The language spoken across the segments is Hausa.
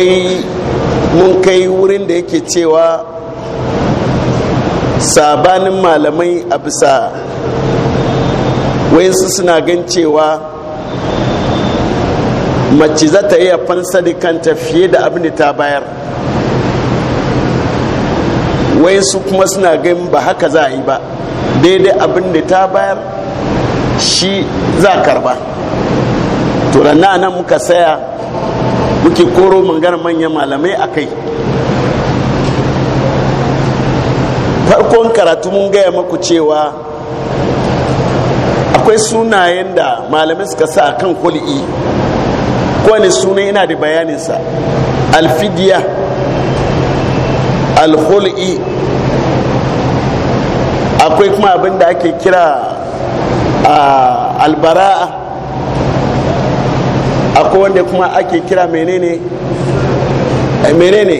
akwai mun kai wurin da yake cewa sabanin malamai a bisa wayansu suna gan cewa mace za ta iya fansa da kanta fiye da abin da ta bayar wayansu kuma suna gan ba haka za a yi ba daidai abin da ta bayar shi za karba to nan muka saya muke koro mangar manyan malamai a kai farkon karatu mun gaya maku cewa akwai sunayen da malamai suka sa a kan kuli'i kowane suna yana da bayaninsa alfidiya alhul'i akwai kuma abin da ake kira albara'a akwai wanda kuma ake kira menene eh, menene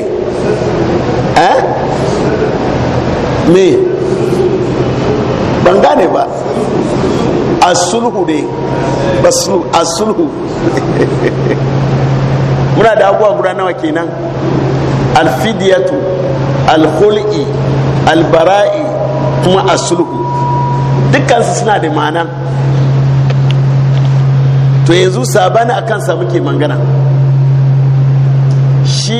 eh me ban gane ba asulhu ne asulhu muna da abubuwa guda nawa kenan alfidiyatu alhul'i albara'i kuma asulhu dukkansu suna da ma'ana to yanzu sabani a kansa muke mangana shi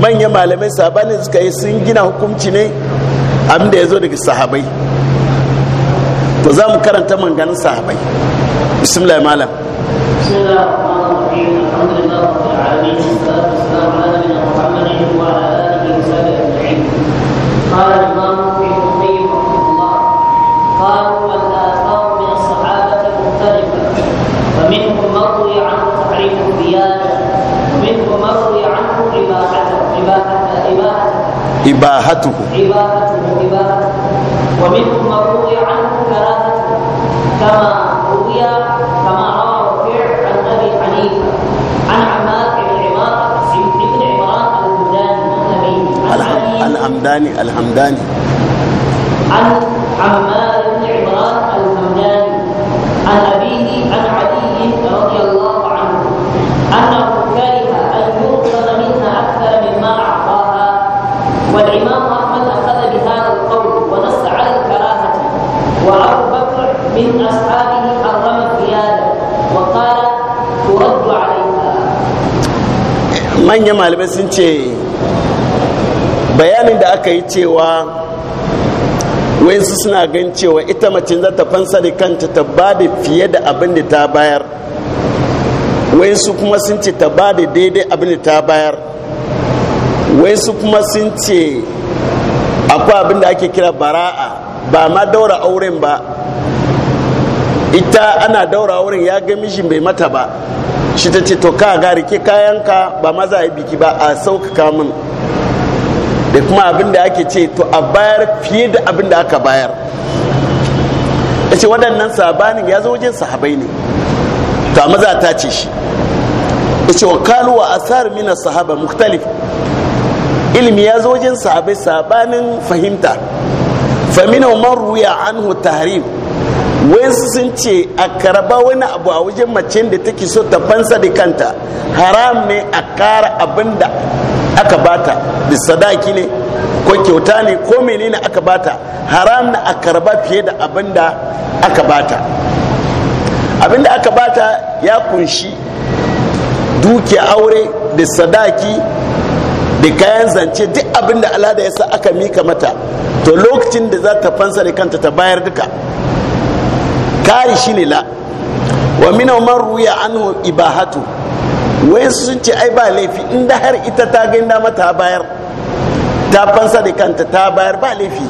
manyan malamai sabani suka yi sun gina hukunci ne abinda ya zo daga sahabai to za mu karanta manganin sahabai bismillah malam عباهته عباهته عباهته ومنهم من روي عنه كراهته كما روي كما روى وكيع عن أبي حنيفة عن عماد بن عمار بن عمران الهمداني الحمداني الحمداني عن عماد manyan malamai sun ce bayanin da aka yi cewa wayansu suna gan cewa ita mace za ta fansa da kanta ta ba da fiye da abin da ta bayar wayansu kuma sun ce ta ba da daidai abin da ta bayar wayansu kuma sun ce akwai abin da ake kira bara'a ba ma daura auren ba ita ana daura auren ya ga mijin bai mata ba shi ta ce to ka ke kayan kayanka ba maza yi biki ba a sauƙaƙa min da kuma abin da ake ce to a bayar fiye da abin da aka bayar ya ce waɗannan sabanin ya zo wajen sahabai ne to a maza ta ce shi ya ce wa kalu wa asar mina sahaba muktalif ilimi ya zo wajen sahabai sabanin fahimta famina man ruya anhu tahrif wayansu sun ce a karaba wani abu a wajen mace da take so ta fansa da kanta haram ne a kara abin da aka bata da sadaki ne ko kyauta ne ko menene aka bata haram na a karaba fiye da abin da aka bata abin da aka bata ya kunshi dukiya aure da sadaki da kayan zance duk abin da alada ya sa aka mika mata to lokacin da za ta fansa da kanta ta bayar duka kari ne la wa mina man ruya anhu ibahatu wai sun ce ai ba laifi inda har ita ta ga inda mata bayar ta fansa da kanta ta bayar ba laifi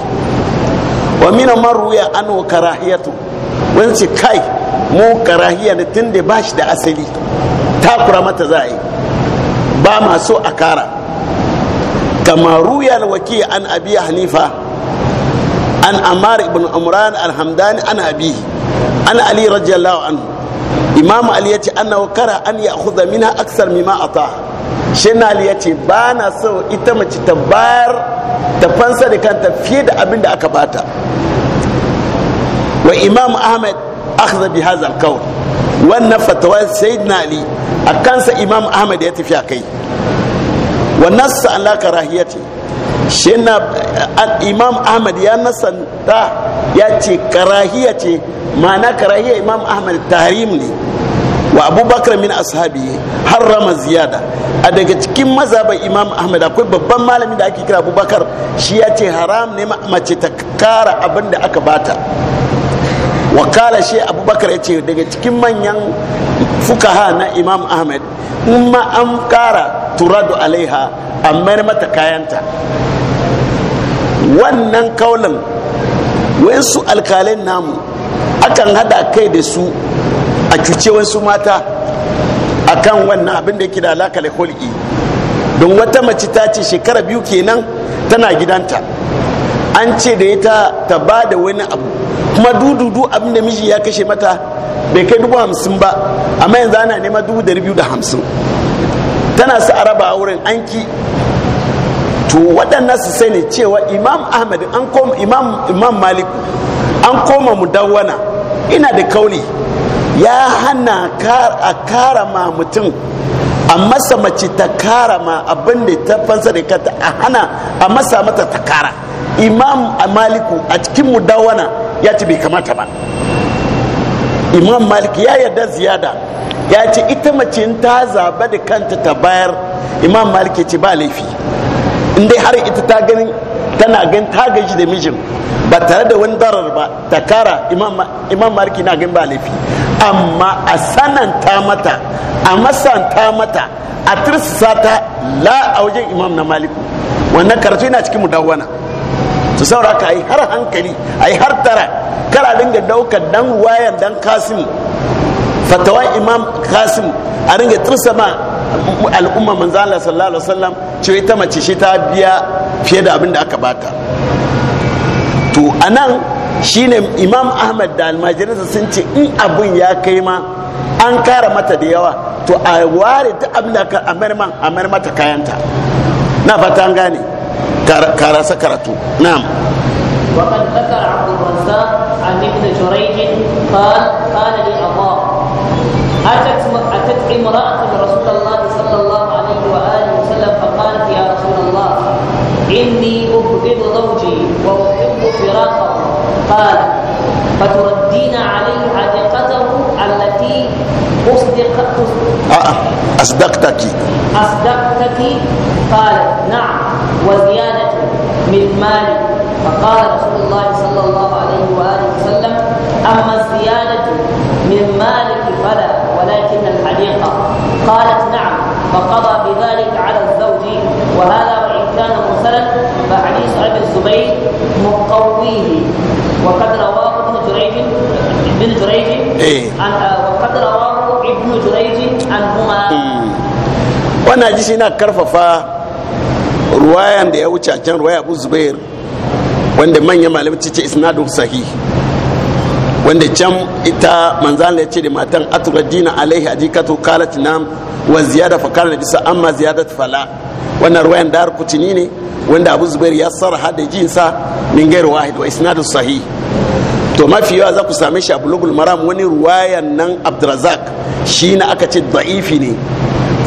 wa mina man ruya anhu karahiyatu wai ce kai mu karahiya ne da ba shi da asali ta kura mata za a yi ba ma so a kara kama ruya na waki an abi hanifa an amar ibn umran alhamdani an abihi Ana ali radiyallahu anhu imam ali yace annahu kara an ya'khudha minha aksar mimma ata shi na ali yace ba na so ita mace ta bayar ta fansa da kanta fiye da abin da aka bata wa imam ahmad akhadha bi hadha al wannan fatawa sayyidina ali a kansa imam ahmad ya tafi a kai wa nassa ala karahiyati shi na imam ahmad ya nasanta ya ce karahiya ce ma'ana karahiya imam ahmad tarim ne wa abubakar min ashabi harrama ziyada a daga cikin mazhaban imam ahmad akwai babban malami da ake kira abubakar shi ya ce haram ne mace ta kara abin da aka bata wakala shi abubakar ya ce daga cikin manyan fukaha na imam ahmad in ma an kara turadu alaiha amma mata kayanta wannan kaulan wayansu alkalin namu akan hada kai da su a cuce wasu mata akan wannan abin da yake da alaka da hulki don wata mace ta ce shekara biyu kenan tana gidanta an ce da ita ta ba da wani abu kuma dududu abin da miji ya kashe mata bai kai dubu hamsin ba amma yanzu ana nema dubu dari biyu da hamsin tana sa araba a wurin an ki to waɗannan su sani cewa imam ahmad an koma imam imam malik an koma mu dawana, ina da kauli ya hana a karama mutum a masa mace ta karama abin da ta fansa da kata a hana a masa mata ta kara imam maliku a cikin mu dawana, ya ce bai kamata ba imam malik ya yarda ziyada ya ce ita mace ta zaba da kanta ta bayar imam malik ya ce ba laifi in dai har ita ta gani tana gan ta gaji da mijin ba tare da wani darar ba ta kara imam mariki na gan ba laifi amma a sananta mata a masanta mata a tirsasa ta la a wajen imam na maliku wannan karatu yana cikin mudawwana su saura ka yi har hankali a yi har tara kara dinga daukar dan wayan dan kasim fatawa imam kasim a ringa ma al'umma manzo Allah sallallahu alaihi wasallam ce ita mace shi ta biya fiye da abin da aka bata to anan shine imam ahmad da almajirinsa sun ce in abin ya kai ma an kara mata da yawa to a ware ta abin da aka amar mata kayanta na fata an gane karasa karatu na'am وقد ذكر عبد الرزاق عن ابن جريج قال قال لي أتت امرأة رسول الله إني أبغض زوجي وأحب فراقه قال فتردين عليه عتيقته التي أصدقت آه، آه، أصدقتك أصدقتك قالت نعم وزيادة من مالي فقال رسول الله صلى الله عليه وآله وسلم أما الزيادة من مالك فلا ولكن الحديقة قالت نعم فقضى بذلك على الزوج وهذا الزبير مقويه وقد رواه ابن جريج ابن جريج وقد رواه ابن جريج عنهما wannan hadisi yana karfafa ruwayan da ya wuce can ruwaya abu zubair wanda manyan malamai ce isnadu sahih wanda can ita manzan ya ce da matan aturajina alaihi ajikatu kalat nam wa ziyada fa na bisa amma ziyadatu fala wannan ruwayan dar kutini ne wanda abu zubair ya sarha da jinsa min gairu wahid wa isnadu sahih to mafi yawa za ku same shi a bulugul maram wani ruwayan nan abdrazak shi na aka ce da'ifi ne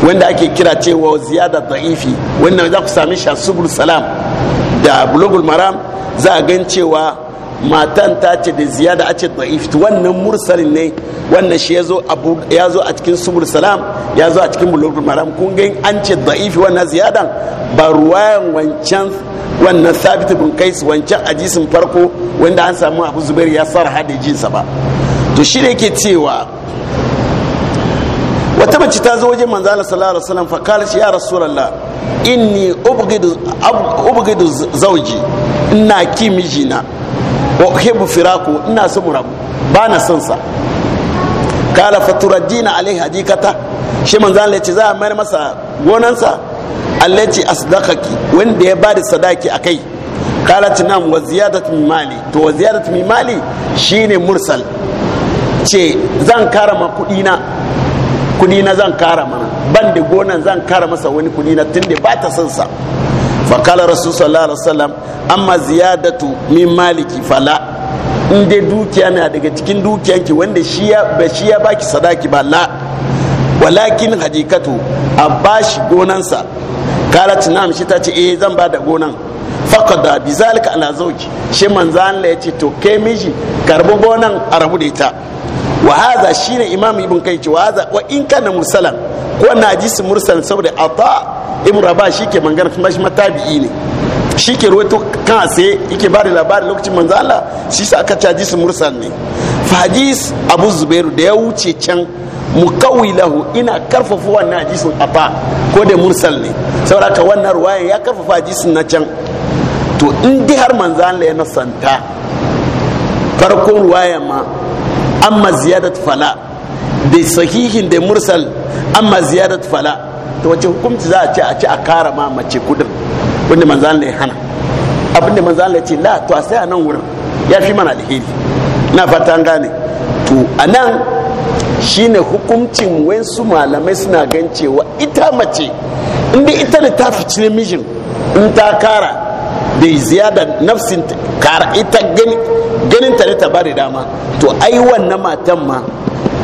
wanda ake kira cewa ziyada da'ifi wannan za ku same shi a subul salam da bulugul maram za a gan cewa matan ta ce da ziyada a ce da'if wannan mursalin ne wannan shi ya zo a cikin subul salam ya zo a cikin bulugul maram kun an ce da'if wannan ziyadan ba ruwayan wancan wannan sabit bin kais wancan ajisin farko wanda an samu abu zubair ya sarha hada jinsa ba to shi ne ke cewa wata mace ta zo wajen manzo Allah sallallahu alaihi wasallam fa kala ya rasulullah inni ubghidu ubghidu zawji ina ki mijina wa firaku ina so mu rabu ba na son sa kala faturaddina alaihi hadikata shi manzo Allah ce za a masa gonansa Allah ce asdaqaki wanda ya bada sadaki akai kala nam wa ziyadatu min mali to wa ziyadatu min mali shine mursal ce zan karama kudi na kudi na zan karama ban da gonan zan kara masa wani kudi na tunda ba ta son sa fakala rasu sallallahu alaihi wasallam amma ziyadatu min maliki fala in dai dukiya na daga cikin dukiyanki wanda shi ya ba shi ya baki sadaki ba la walakin hadikatu a bashi gonansa kalat na'am shi ta ce eh zan ba da gonan faqada bi zalika ala zawji shi manzo Allah yace to kai miji karbi gonan a rabu da ita wa hadha shine imam ibn kai ce wa in kana mursalan ko na mursal saboda ata ibn rabah shi ke mangana kuma shi matabi'i ne shi ke ruwaito kan ase yake ba da labari lokacin manzo Allah shi sa aka caji su mursal ne fadis abu zubairu da ya wuce can mukawi lahu ina karfafa wannan hadisin afa ko da mursal ne saboda ka wannan ruwayan ya karfafa hadisin na can to in dai har manzo Allah ya nasanta farkon ruwayan ma amma ziyadat fala da sahihin da mursal amma ziyadat fala to wace hukunci za a ce a ce a kara ma mace kudin wanda manzan ya hana abin da manzan ya ce la to a sai a nan wurin ya fi mana alheri na fata an gane to a nan shine hukuncin wasu malamai suna gan cewa ita mace inda ita da ta fici namijin in ta kara bai ziyada nafsin kara ita gani ganin ta ne ta bari dama to ai wannan matan ma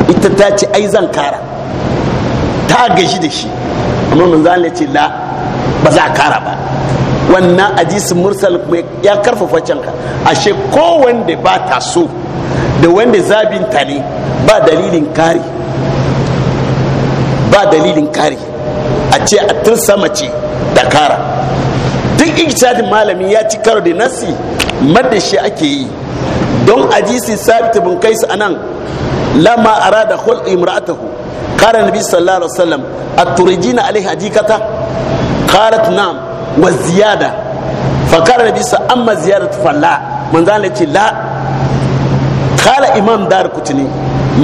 ita ta ce ai zan kara ta gaji da shi amma za ce la ba za a kara ba wannan ajis mursal ya karfafa canka ashe ko wanda ba ta so da wanda zabin ta ne ba dalilin kari ba dalilin kari a ce a tun sama ce da kara duk ijtihadin malami ya ci karo da nasi madda shi ake yi don ajisi sabita bin su anan lama arada khul imra'atahu qala nabi sallallahu alaihi wasallam aturijina wa ziyada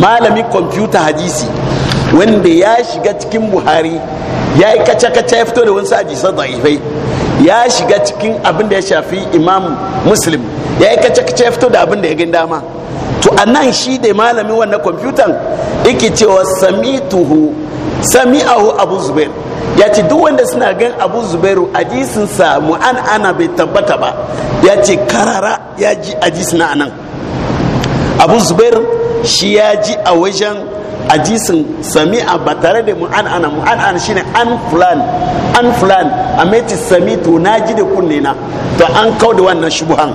malamin computer hadisi wanda ya shiga cikin buhari ya yi kace-kace ya fito dama to a nan shi da malamin wannan kwamfutan yake cewa sami ahu abu zubair ya ce duk wanda suna gan abu zubairu mu an ana bai tabbata ba ya ce karara ya ji hadisin a nan abu zubair shi ya ji a wajen sami a ba tare da an ana an ana ne an fulan an fulan a meti sami to na ji da kunne na to an kau da wannan shubuhan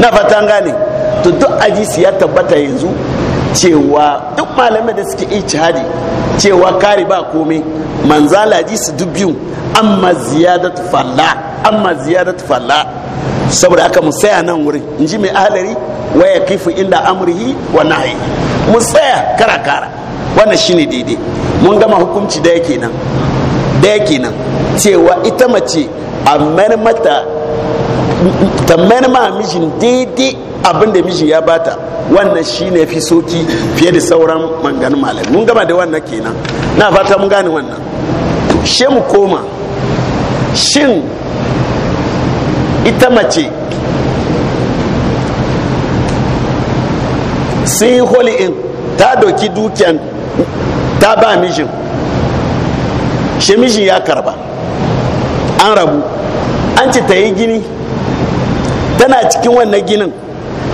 na fatan gane to duk hadisi ya tabbata yanzu cewa duk malamai da suke ijtihadi cewa kare ba komai manzala hadisi duk biyu amma ziyadatu falla amma ziyadatu falla saboda aka mu saya nan wurin in ji mai ahalari wa ya kifu inda amrihi wa nahyi mu tsaya kara kara wannan shine daidai mun gama hukunci da yake nan da yake nan cewa ita mace a mata tambayar ma mijin daidai abin da ya bata wannan shine fi soki fiye da sauran manganin malami mun gama da wannan kenan na fata mun gane wannan she mu koma shin ita mace sun yi in ta doki dukiyan ta ba mijin shi mijin ya karba an rabu an ce ta yi gini tana cikin wannan ginin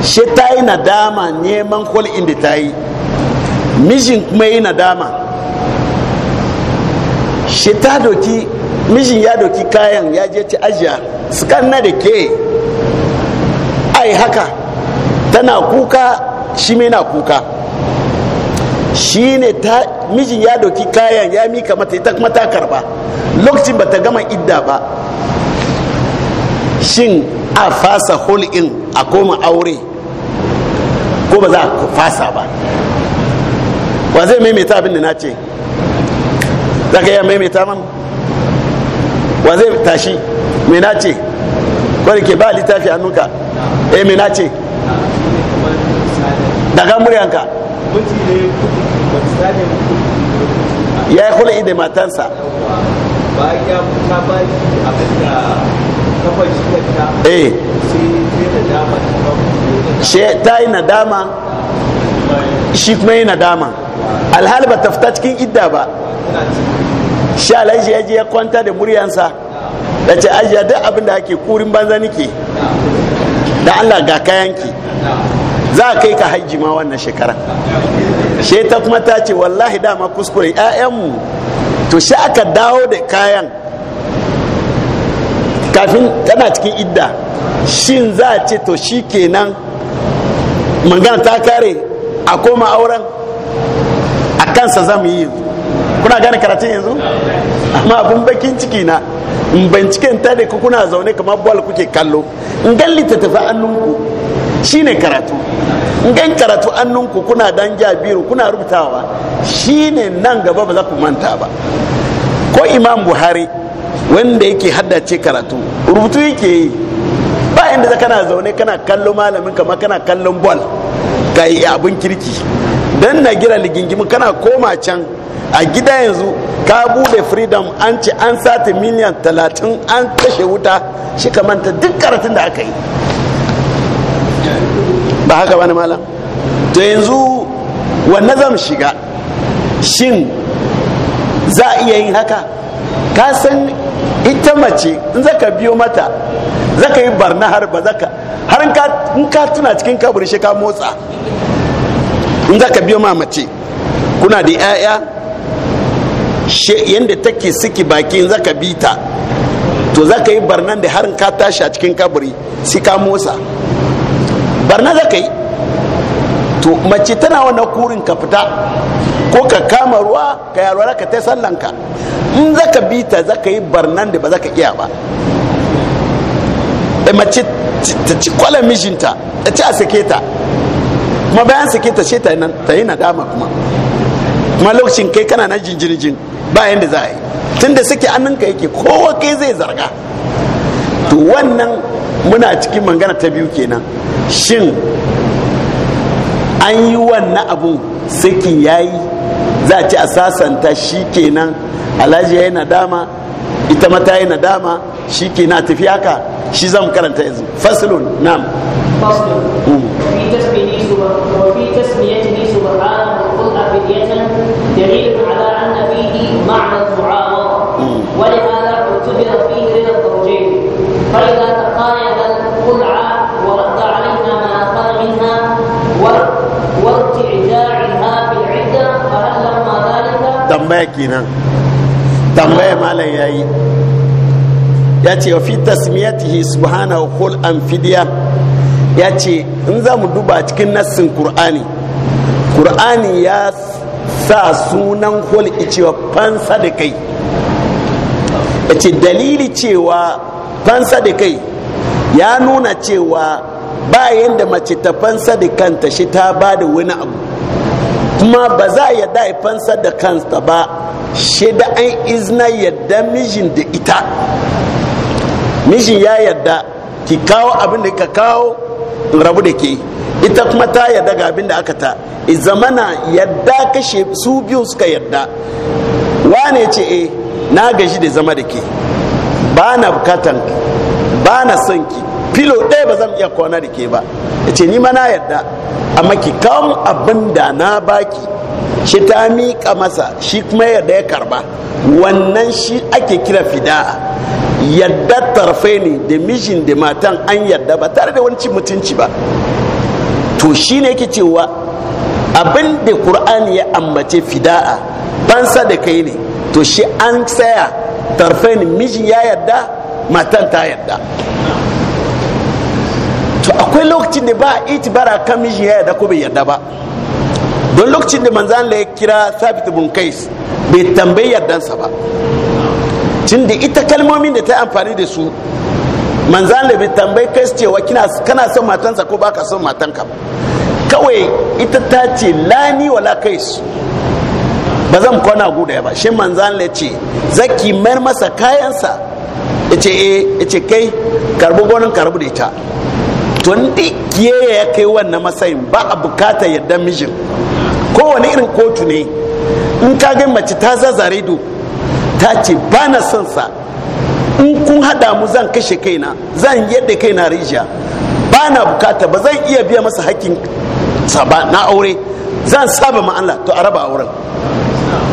shi ta yi nadama neman hulɗin da ta yi mijin kuma yi nadama shi ta doki mijin ya doki kayan ya je ci ajiya su na da ke ai haka tana kuka shi mai na kuka shi ne ta mijin ya doki kayan ya mika mata ita kuma ta karba lokacin ba ta gama idda ba shin a fasa hul'in a koma aure ko ba za a fasa ba wa zai maimaita abin da na ce za ka yi maimaita man wa zai tashi mai na ce wani ke ba littafi hannunka eh, e mai na ce daga muryanka ya yi hulɗi da matansa ba ya ta ba abin da eh ta yi nadama shi kuma yi nadama alhali ba ta fita cikin idda ba shi alhaji ya je ya kwanta da muryansa da ce ajiya duk abin da ake kurin banza nike da allah ga kayan ki za a kai ka hajji ma wannan shekara shi ta kuma ta ce wallahi dama kuskure 'ya'yanmu to shi aka dawo da kayan kafin tana cikin idda shin za a ce to shi kenan mangan ta kare a koma auren a kansa za mu yi kuna gane karatun yanzu amma abin bakin ciki na in binciken ta da kuna zaune kamar bol kuke kallo in gan littattafa annunku ne karatu in gan karatu annunku kuna dan jabiru kuna rubutawa shi ne nan gaba ba za ku manta ba ko imam buhari wanda yake haddace karatu rubutu yake yi ba inda kana zaune kana kallo malamin kama kana kallon bol ga abin kirki dan na gira ligingimi kana koma can a gida yanzu ka bude freedom an ce an sati miliyan talatin an kashe wuta shi ka manta duk karatun da aka yi ba haka wani malam to yanzu wanne zan shiga shin za a iya yin haka ka san ita mace in zaka biyo mata zaka yi barna har ba zaka har in ka tuna cikin kaburi shi ka motsa in zaka biyo ma mace kuna da 'ya'ya yadda take suke baki in zaka bi ta to zaka yi barnan da har in ka tashi a cikin kaburi shi ka motsa barna zaka yi to mace tana wani kurin ka fita ko ka kama ruwa ka yarwara ka ta sallanka in za ka bi ta za ka yi barnan da ba za ka iya ba e mace ta ci kwala mijinta ta ci a sake ta kuma bayan sake ta ce ta yi nadama kuma kuma lokacin kai kana na jinjirjin bayan da za a yi tun da suke annanka yake kowa kai zai zarga to wannan muna cikin mangana ta biyu kenan shin an yi wannan abun sakin yayi za a ci a sasanta shi kenan alhaji ya yi nadama ita mata yi nadama shi ke na tafi haka shi zan karanta yanzu faslun nam ولهذا اعتبر tambaya kenan tambaya malam yayi ya ce fi tasmiyatihi subhanahu khul an fidiya ya ce in za mu duba cikin nassin kur'ani kur'ani ya sa sunan khul cewa fansa da kai ya ce dalili cewa fansa da kai ya nuna cewa ba da mace ta fansa da kanta shi ta ba da wani abu kuma ba za a yadda ya fansa da kansa ba da an izina yadda mijin da ita mijin ya yadda ki kawo abin da ka kawo rabu da ke ita kuma ta yadda ga abin da aka ta zamana yadda kashe su biyu suka yadda wane ce e na gaji da zama da ke ba na bukatan ba na son ki filo ɗaya ba zan iya kwana da ke ba ya ce ni ma na yadda amma ki kawo abin da na baki shi ta miƙa masa shi kuma yadda ya karba wannan shi ake kira fida'a yadda tarfe ne da mijin da matan an yadda ba tare da wani mutunci ba to shi ne yake cewa abin da ƙur'ani ya ambace fida'a fansa da kai ne to shi an tsaya tarfe ne mijin ya yadda matan ta yadda to akwai lokacin da ba a bara kan miji ya yarda ko bai yarda ba don lokacin da manzan ya kira sabit bin kais bai tambayi yardansa ba cin da ita kalmomin da ta amfani da su manzan bai tambayi kais cewa kana son matansa ko baka son matanka ba kawai ita ta ce lani wala kais ba zan kwana guda ba shi manzan ya ce zaki mayar masa kayansa ya ce eh, kai karbi gonin da ita to kiyaye ya kai wannan matsayin ba a bukata yadda mijin kowane irin kotu ne in ka ga mace ta zazare do ta ce ba na son sa in kun hada mu zan kashe kaina zan yadda kaina rijiya ba na bukata ba zan iya biya masa hakkin sa na aure zan saba ma to a raba auren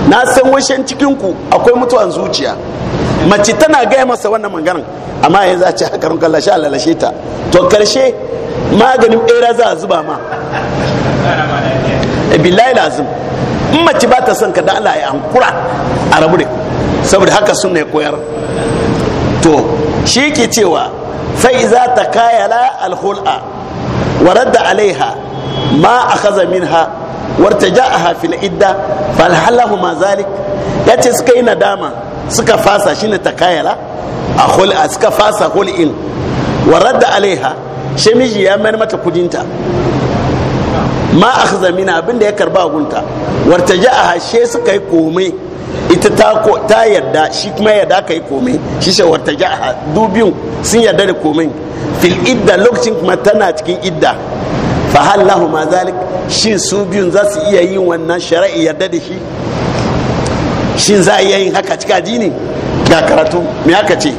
na san washen cikin ku akwai mutuwan zuciya mace tana gaya masa wannan maganan amma yanzu a ce haka ran kallashe ta to karshe maganin bera za a zuba ma eh, billahi lazim in mace ba ta son ka da Allah ya hankura a rabu ne saboda haka sunna ya koyar to shi ke cewa za ta kayala alhul'a wa radda alaiha ma a min ha. wartaja'aha fil idda fal halahu ma zalik yace suka yi nadama suka fasa shine takayala a hol a suka fasa hol in wa radda alaiha shi miji ya mayar mata kudinta ma akhza mina abinda ya karba gunta a she suka yi komai ita ta ta yarda shi kuma yarda ka yi komai shi shi wartaja dubiyun sun yarda da komai fil idda lokacin kuma tana cikin idda fa hallahu ma zalik shin su biyun za su iya yin wannan shari'i yarda da shi shin za a iya yin haka cika jini ga karatu me aka ce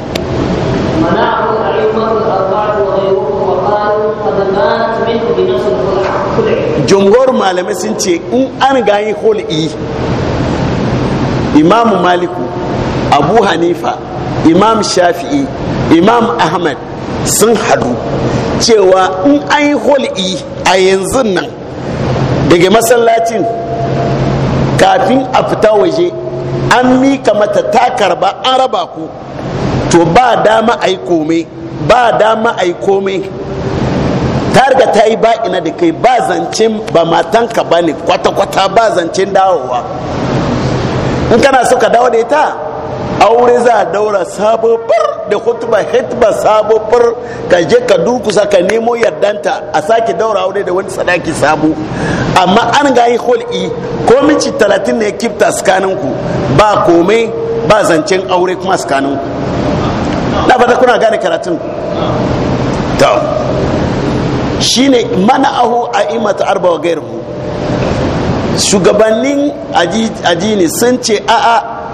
jumhur malamai sun ce in an gani hul'i imamu maliku abu hanifa imam shafi'i imam ahmad sun hadu cewa in an yi hol'i a yanzu nan daga masallacin kafin a fita waje an mika mata ta karba an raba ku to ba dama a yi komai ba dama a yi komai ta riga ta yi ba ina da kai ba zancen ba matanka ba ne kwata-kwata ba zancen dawowa in kana so ka dawo da ita aure za a daura sabobar da hutuba hitba sabobar ka je ka sa ka nemo yardanta a sake daura aure da wani sadaki sabo amma an gayi i ko minci talatin ne kifta tsakanin ku ba komai ba zancen aure kuma tsakanin ku na fata kuna gane karatun shine aho a imata arba wa gairu shugabannin ajini sun ce a'a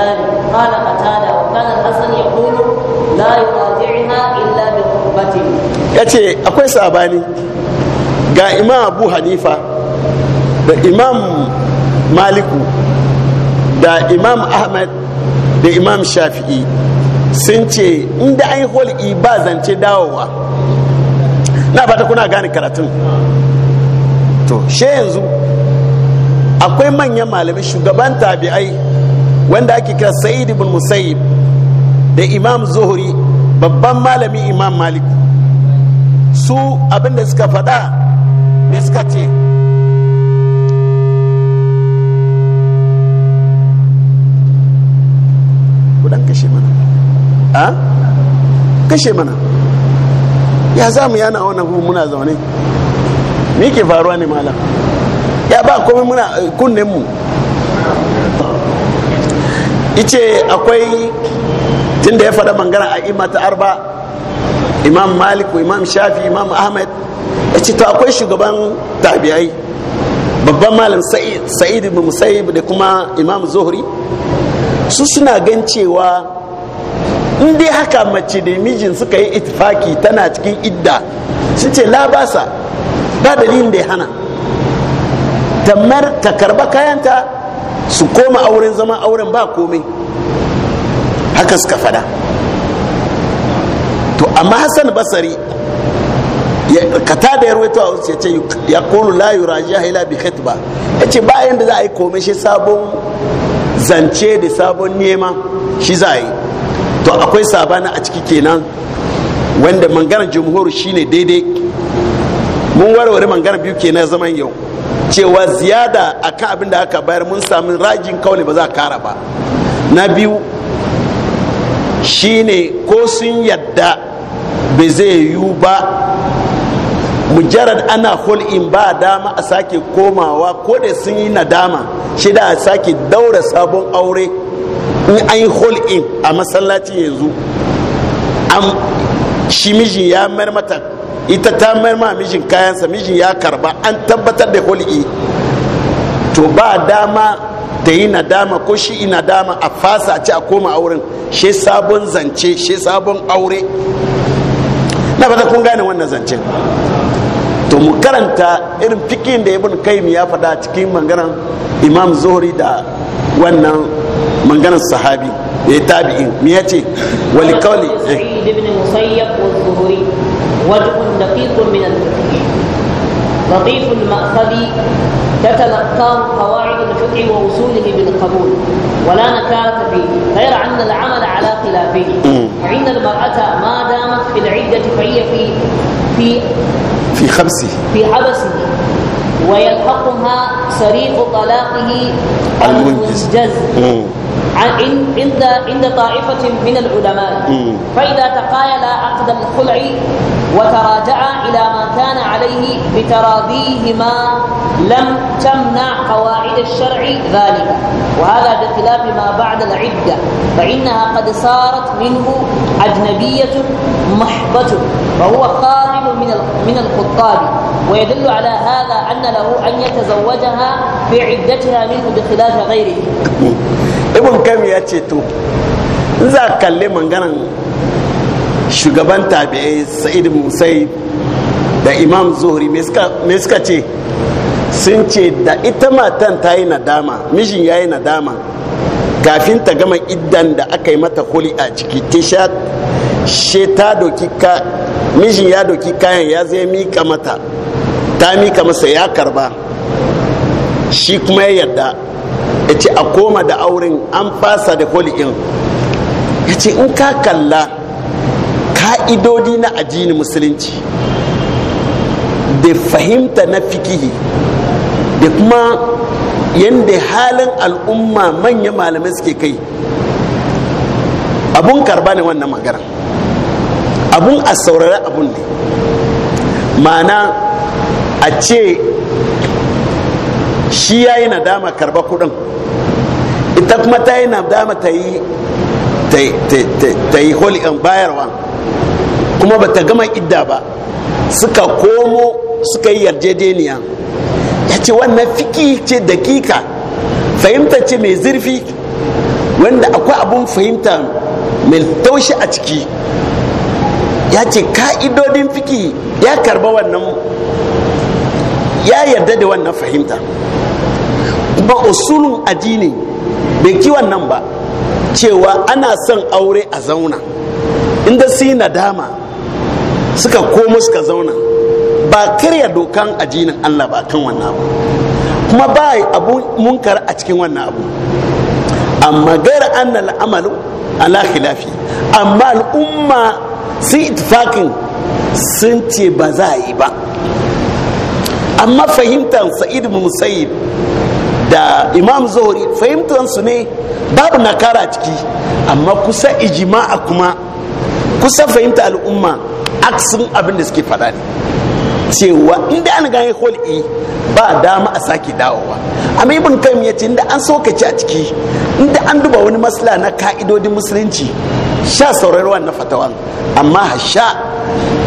مالك قال قتادة وكان الحسن يقول لا يراجعها إلا ساباني ga imam abu hanifa da imam maliku da imam ahmad da imam shafi'i sun ce inda an yi hol'i ba zance dawowa na fata kuna gane karatun to she yanzu akwai manyan malamai shugaban tabi'ai wanda ake kira sa'id ibn musayyib da imam zuhri babban malami imam malik su abinda suka fada ne suka ce kudan kashe mana a ah? kashe mana ya za mu yana wannan kuma muna zaune me ke faruwa ne malam ya ba komai muna eh, kunnen mu ce akwai tunda ya faɗa a a'imma ta arba imam maliku imam shafi imam ahmed ya ce to akwai shugaban tabi'ai babban malam sa'id ibn musayib da kuma imam zuhri su suna gan cewa in dai haka mace da mijin suka yi itifaki tana cikin idda sun ce labasa ba dalilin da ya hana tamar ta karba kayanta su koma auren zama auren ba komai haka suka fada to amma hassan basari ka ta da yarwai to wasu ce ya layu raji ya haila bi ba ya ce bayan da za a yi komai shi sabon zance da sabon nema shi za a yi to akwai sabana a ciki kenan wanda manganar jumhur shine daidai mun warware mangana biyu ke na zaman yau cewa ziyada kan abin da aka bayar mun sami rajin kawai ba za a kara ba na biyu shine ko sun yadda bai zai yiwu ba mujarar ana hul'in ba dama a sake komawa ko da sun yi nadama shi da a sake daura sabon aure in an yi hul'in a masallacin yanzu shi mijin ya mata ita ta mayar ma mijin kayansa mijin ya karba an tabbatar da hul'i to ba dama ta yi nadama ko shi ina dama a fasa a ci a koma auren shi sabon zance shi sabon aure na fata kun gane wannan zance to mu karanta irin fikin da ya kai mu ya faɗa cikin mangaran imam zuhri da wannan mangaran sahabi ya tabi'in me ya ce wali eh. وجه دقيق من الفقه لطيف المأخذ تتلقاه قواعد الفقه ووصوله بالقبول ولا نكارة فيه غير أن العمل على خلافه فإن المرأة ما دامت في العدة فهي في في في خبسه في حبسه ويلحقها سريق طلاقه المنجز عند عند طائفة من العلماء فإذا تقايل عقد الخلع وتراجعا إلى ما كان عليه بتراضيهما لم تمنع قواعد الشرع ذلك وهذا بخلاف ما بعد العدة فإنها قد صارت منه أجنبية محضة فهو خادم من من الخطاب ويدل على هذا أن له أن يتزوجها في عدتها منه بخلاف غيره ibn kam ya ce to za kalle manganan shugaban tabi'ai sa'id musai da imam zuhri me suka ce sun ce da ita matan ta yi nadama mijin ya yi nadama kafin ta gama idan da aka yi mata koli a ciki sha she ta doki ka mijin ya doki kayan ya zai mika mata ta mika masa ya karba shi kuma ya yarda ya ce a koma da auren an fasa da in ya ce in ka kalla ka'idodi na ajini musulunci da fahimta na fikihi da kuma yadda halin al'umma manya malamai suke kai abun karba ne wannan magana abun a saurari abun ne mana a ce shi ya yi nadama karba kudin ita kuma ta yi nadama ta yi ta yi holi'an bayarwa kuma ba ta gama idda ba suka komo suka yi yarjejeniya ya ce wannan fiki ce dakika fahimta ce mai zurfi wanda akwai abun fahimta mai taushe a ciki ya ce ka'idodin fiki ya karba wannan ya yarda da wannan fahimta ba usulun addini bai kiwon nan ba cewa ana son aure a zauna inda su yi nadama suka komo suka zauna ba karya dokan ajinin allah ba kan wannan abu kuma ba yi abu munkar a cikin wannan abu amma gaira an al'amalu ala khilafi amma al'umma sun itfakin sun ce ba za a yi ba amma fahimtar sa'id musayyib da imam zuhuri fahimtansu ne babu nakara ciki amma kusa ijima'a kuma kusa fahimta al'umma aksin abin da suke faɗa ne cewa inda an gane hul'i ba dama a sake dawowa amma ibn kayyim yace inda an sokaci a ciki inda an duba wani masla na ka'idodin musulunci sha saurarwa na fatawan amma sha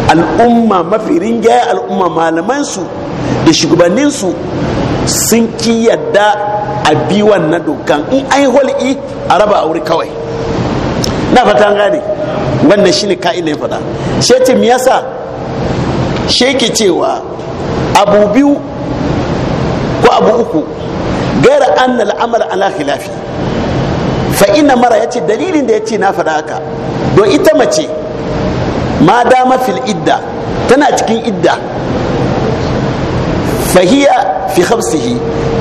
al'umma mafi ringaya al'umma malamansu da shugabanninsu. sun ki yadda a bi wannan dokan in an yi hul'i a raba aure kawai na fata gane wannan shine ka'ida ya fada me yasa ke cewa abu biyu ko abu uku gaira an al'amal ala khilafi fa ina mara ya ce dalilin da ya ce na fada haka don ita mace ma dama fil idda tana cikin idda fahiya fi hamsihi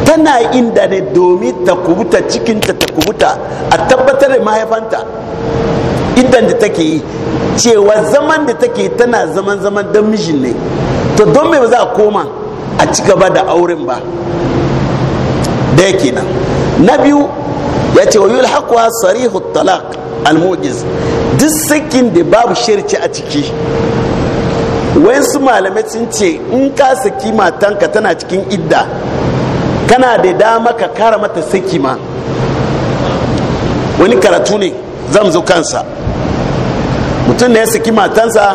tana inda ne domin ta kubuta cikinta ta kubuta a tabbatar da mahaifanta idan da take yi cewa zaman da take tana zaman zaman don mijin ne to don me ba za a koma a ci gaba da auren ba da yake nan na biyu ya ce wa yul sarihu talak al duk sakin da babu shirci a ciki wayansu malamai sun ce in ka saki matanka tana cikin idda kana da dama ka kara mata saki ma wani karatu ne zan zo kansa mutum ne ya saki matansa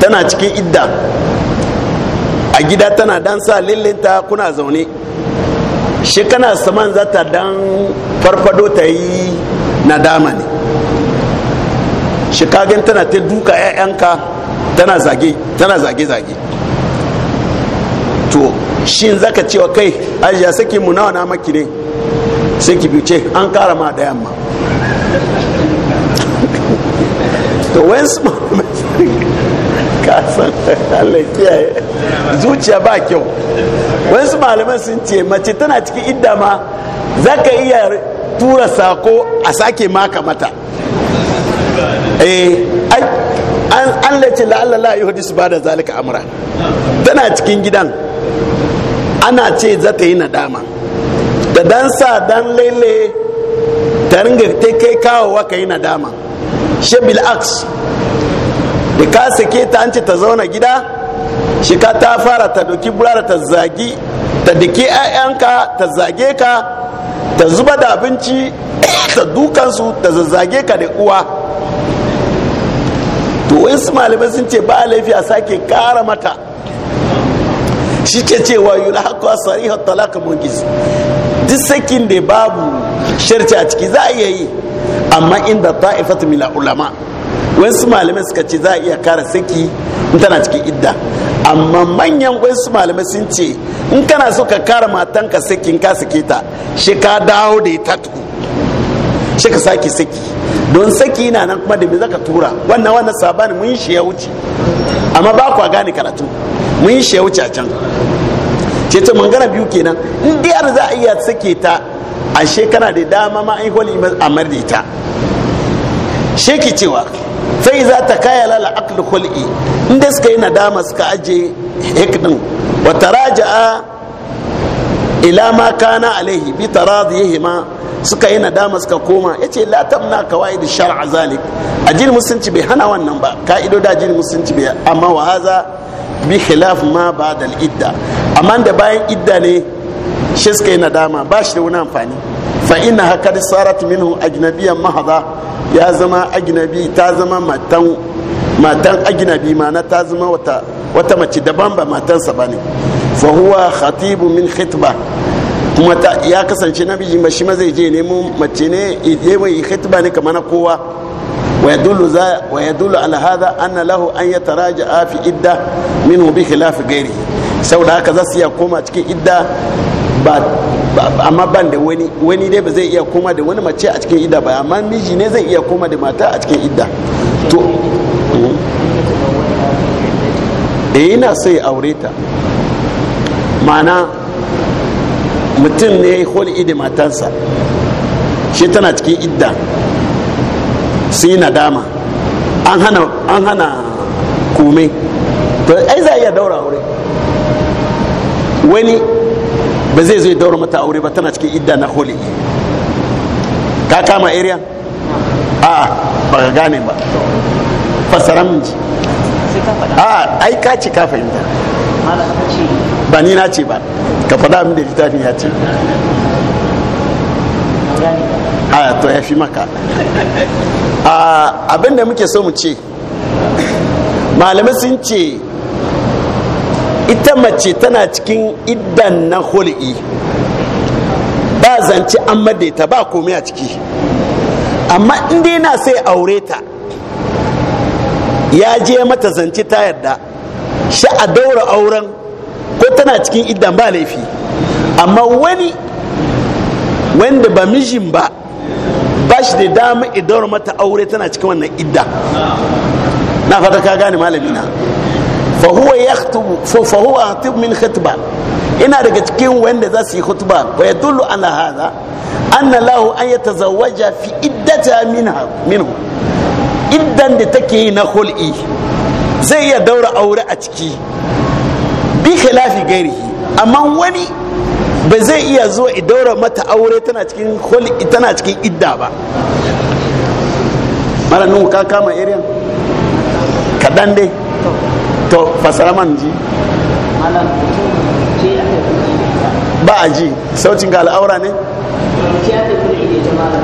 tana cikin idda a gida tana dansa sa lillinta kuna zaune shi kana saman zata dan farfado ta yi nadama ne shi kagan tana ta duka 'ya'yanka tana zage tana zage zage to shin zaka cewa kai ajiya saki mu nawa na maki ne sai ki ce an kara ma da yamma to wayansu kasan Allah kiyaye zuciya ba kyau wasu malaman sun ce mace tana cikin idda ma za ka iya tura sako a sake maka mata eh ai an allace ce la'alla hudu su ba da zalika amura tana cikin gidan ana ce za ta yi nadama da dan sa dan lele ta ringa ta kai kawowa ka yi nadama shabil aks da ka sake ta an ce ta zauna gida shi ta fara ta doki burara ta zagi ta dake 'ya'yanka ta zage ka ta zuba da abinci ta dukansu ta zazzage ka da uwa to wasu malamai sun ce ba laifi a sake kara mata shi ke cewa yula hakuwa talaka mugis duk sakin da babu sharci a ciki za a iya yi amma inda ta ta'ifatu mila ulama wasu malamai suka ce za a iya kara saki in tana cikin idda amma manyan wasu malamai sun ce in kana so ka kara matanka sakin ka sake ta shi ka dawo da ya tuku shi ka sake saki don saki na nan kuma da me zaka tura wannan wannan sabani mun shi ya wuce amma ba kwa gane karatu mun shi ya wuce a can ce ta mangana biyu kenan in diyar za a iya sake ta a shekara da dama ma ai holi a marde ta. sheki cewa sai za ta kaya lala akal holi inda suka yi nadama suka aje hikdin wata raja'a ila ma kana alaihi bi taradiyihima ma suka yi nadama suka koma yace la tamna kawaid shar'a zalik ajin musulunci bai hana wannan ba ka'idoda ajin musulunci bai amma wa haza bi khilaf ma ba'da al idda amma da bayan idda ne shi suka yi nadama ba shi da wani amfani fa inna hakad sarat minhu ajnabiyan mahadha ya zama ajnabi ta zama matan matan ajnabi ma na ta zama wata wata mace daban ba matansa ba ne fahuwa khatibu min khitba kuma ya kasance na ba shi ma zai je nemo mace ne ya mai khitba ne kamar na kowa wa ya yadullu alhada wa na lahu an ya tara an a fi idda min bi khilaf gari. saboda haka za su iya koma cikin idda ba amma ban da wani wani dai ba zai iya koma da wani mace a cikin idda ba amma miji ne zai iya koma da mata a cikin idda da yana so ya aure ta mana mutum ne ya yi hulɗi da matansa shi tana cikin idda yi nadama an hana an hana kome to ai za a iya daura aure wani ba zai zai daura mata aure ba tana cikin idda na holi ka kama area a ba ka gane ba fasara min a ai ka ce ka fahimta ba ni na ce ba ka faɗa min da littafin ya ce a to ya fi maka abin da muke so mu ce malamai sun ce ita mace tana cikin idan na hul'i ba zance an madaita ba komai a ciki amma inda yana sai aure ta ya je mata zance ta yarda shi a daura auren ko tana cikin idan ba laifi amma wani wanda ba mijin ba ba shi da dama idan mata aure tana cikin wannan idda na fata ka gane malamina fahuwa ya fahuwa hatib min khutba ina daga cikin wanda za su yi khutba wa ya dullu ala hada anna lahu an yatazawwaja fi iddata minhu idan da take yi na hul'i zai iya daura aure a ciki bi khilafi gairihi amma wani ba zai iya zuwa daura mata aure tana cikin hul'i tana cikin idda ba mara nun ka kama irin kaɗan dai to fasara man ji ba a ji saucin ga al'aura ne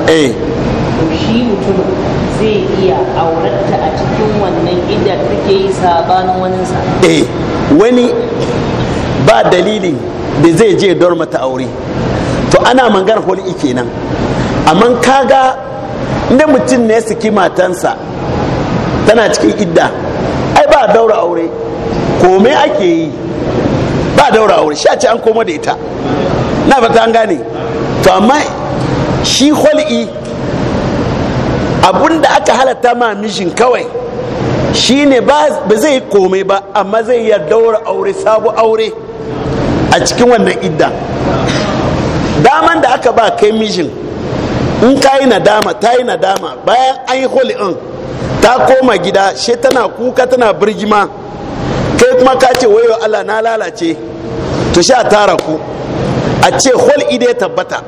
eh to shi mutum zai iya auratta a cikin wannan idan take yi sabanin sa. eh wani ba dalili da zai je dor mata aure to ana mangar hol'i kenan amma kaga inda mutum ne suke matansa tana cikin idda ai ba daura aure kome ake yi ba daura aure sha ce an koma da ita na fata an gane to amma shi hol'i. abun da aka halatta ma mijin kawai shine ba zai komai ba amma zai iya daura aure sabu aure a cikin wannan idda daman da aka ba kai mijin in ka yi nadama ta yi nadama bayan an yi holi'in ta koma gida she tana kuka tana birgima kai kuma ka ce wayo allah na lalace to sha tara ku a ce hol ide tabbata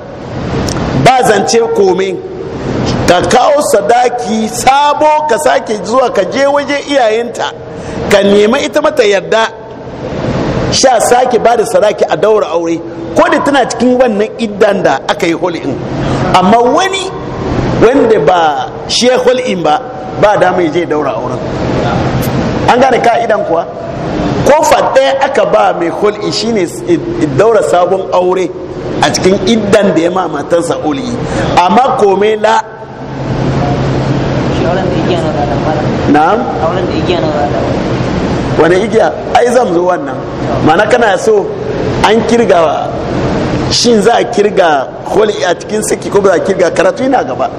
ba zance komai ka kawo sadaki sabo ka sake zuwa ka je waje iyayenta ka nema ita mata yarda sha sake ba da sadaki a daura aure ko da tana cikin wannan idan da aka yi hulɗin amma wani wanda ba shi hulɗin ba ba da mai je daura auren an gane ka idan kuwa ko ɗaya aka ba mai hulɗi shine daura sabon aure a cikin idan da ya ma matarsa hulɗi amma komai la na'am wani igiya ai zan zo wannan mana kana so an kirga shin za a kirga holi a cikin siki ko ba a kirga karatu yana gaba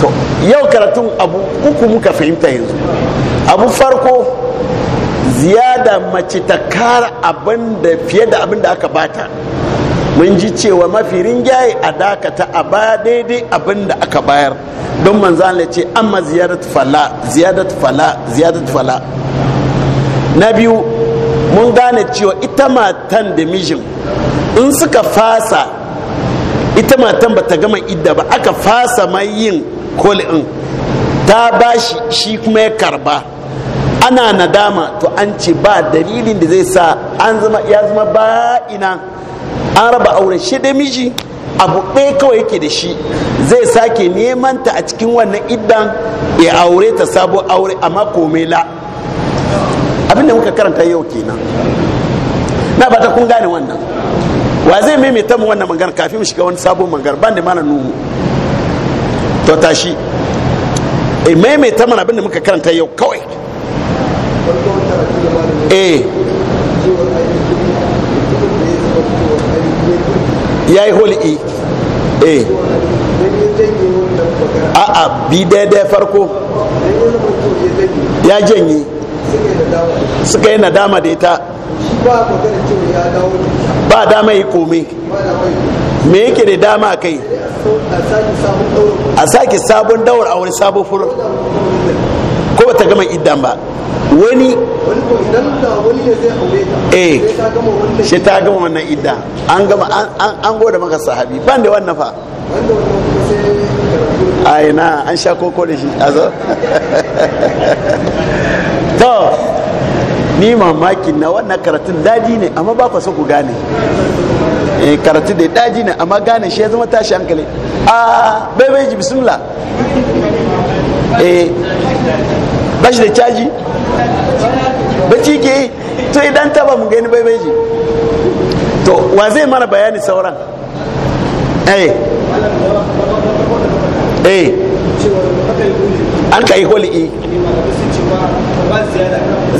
to yau karatun abu uku muka fahimta yanzu abu farko ziyada mace ta kara abin da fiye da abin da aka bata mun ji cewa mafi ringaye a dakata a baya daidai abin da aka bayar don manzala ce amma ziyarat fala ziyarat fala ziyarat fala na biyu mun gane cewa ita matan da mijin in suka fasa ita matan ba ta gama idda ba aka fasa mai yin kolin ta bashi shi kuma ya karba ana nadama to an ce ba dalilin da zai sa an zama ya zama ba'ina an raba aure shi da miji abu ɗaya kawai yake da shi zai sake neman ta a cikin wannan iddan ya aure ta sabo aure amma komai la abin da muka karanta yau kenan na ta kun gane wannan wa zai maimaita mu wannan magana kafin mu shiga wani sabon magana ban da mana nuhu to tashi e maimaita mana da muka karanta yau kawai eh ya yi hul'i eh e. a'a bi daidai farko ya janyi suka yi nadama da ita ba dama yi komai me yake da dama kai a sake sabon dawar a wani sabon furu ko ba ta gama idan ba wani eh shi ta gama wannan idda an gama an goda maka sahabi ban da wannan fa a ina an sha koko da shi a zo to ni mamakin na wannan karatun daji ne amma ba ku so ku gane eh karatu da daji ne amma gane shi ya zama tashi hankali a bai bai ji bismillah eh bashi da caji bacci ke to idan taba mu gani bai ji to wa zai mana bayani sauran eh eh an kai holi'i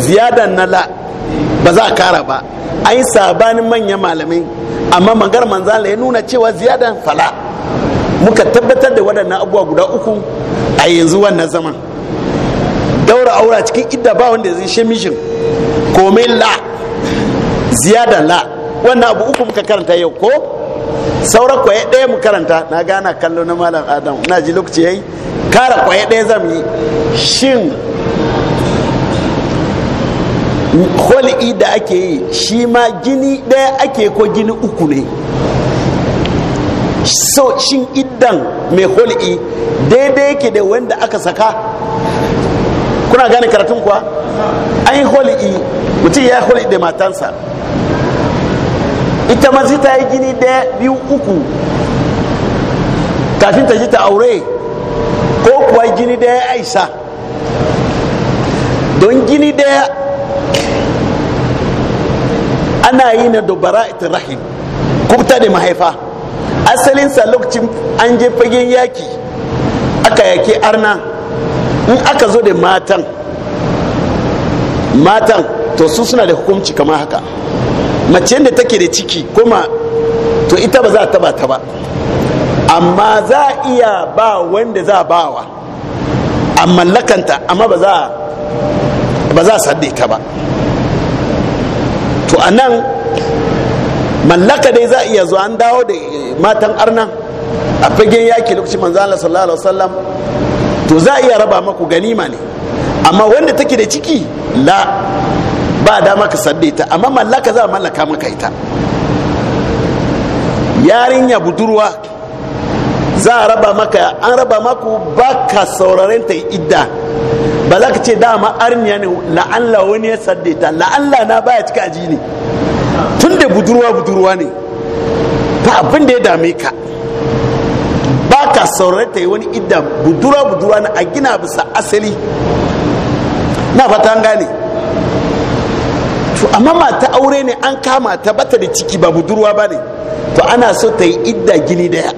ziyada na la ba za a kara ba a yi sabanin manyan malamai amma mangar manzala ya nuna cewa ziyadan fala muka tabbatar da waɗannan abubuwa guda uku a yanzu wannan zaman daura aura cikin idda ba wanda zai shi mishin komai la ziyada la wannan abu uku muka karanta yau ko saura kwaye ɗaya mu karanta na gana kallo na malam adam na ji lokaci yayi kara kwaye ɗaya zan yi shin holi'i da ake yi shi ma gini ɗaya ake ko gini uku ne so shin iddan mai holi'i daidai yake da wanda aka saka kuna gane karatun kuwa an yi holi'i mutum ya yi holi'i da matansa ita mazi ta yi gini da biyu uku kafin ta ji ta aure ko kuwa gini ya aisa don gini daya ana yi na dubara rahim kubuta da mahaifa asalinsa lokacin an je fagen yaki aka yaki arna in aka zo da matan matan to su suna da hukunci kamar haka mace da take da ciki kuma to ita ba za ta ba ta ba amma za a iya ba wanda za a bawa a mallakanta amma ba za a sadde ta ba to anan mallaka dai za a iya zuwa an dawo da matan arna a fagen yaki lokacin manzana sallallahu alaihi wasallam to za a iya raba maku ganima ne amma wanda take da ciki la ba dama ka sadde ta amma mallaka za a mallaka maka ita yarinya budurwa za a raba maka an raba maku ba ka sauraren ta idda ba za ka ce dama arniya ne la'alla wani ya sadde ta la'alla na baya cika aji ne tun da budurwa budurwa ne ta abin da ya dame ka ba ka yi wani idda budura-budura na a gina bisa asali na fata gane to amma mata aure ne an kama ta bata da ciki ba budurwa ba ne to ana so ta yi idda gini daya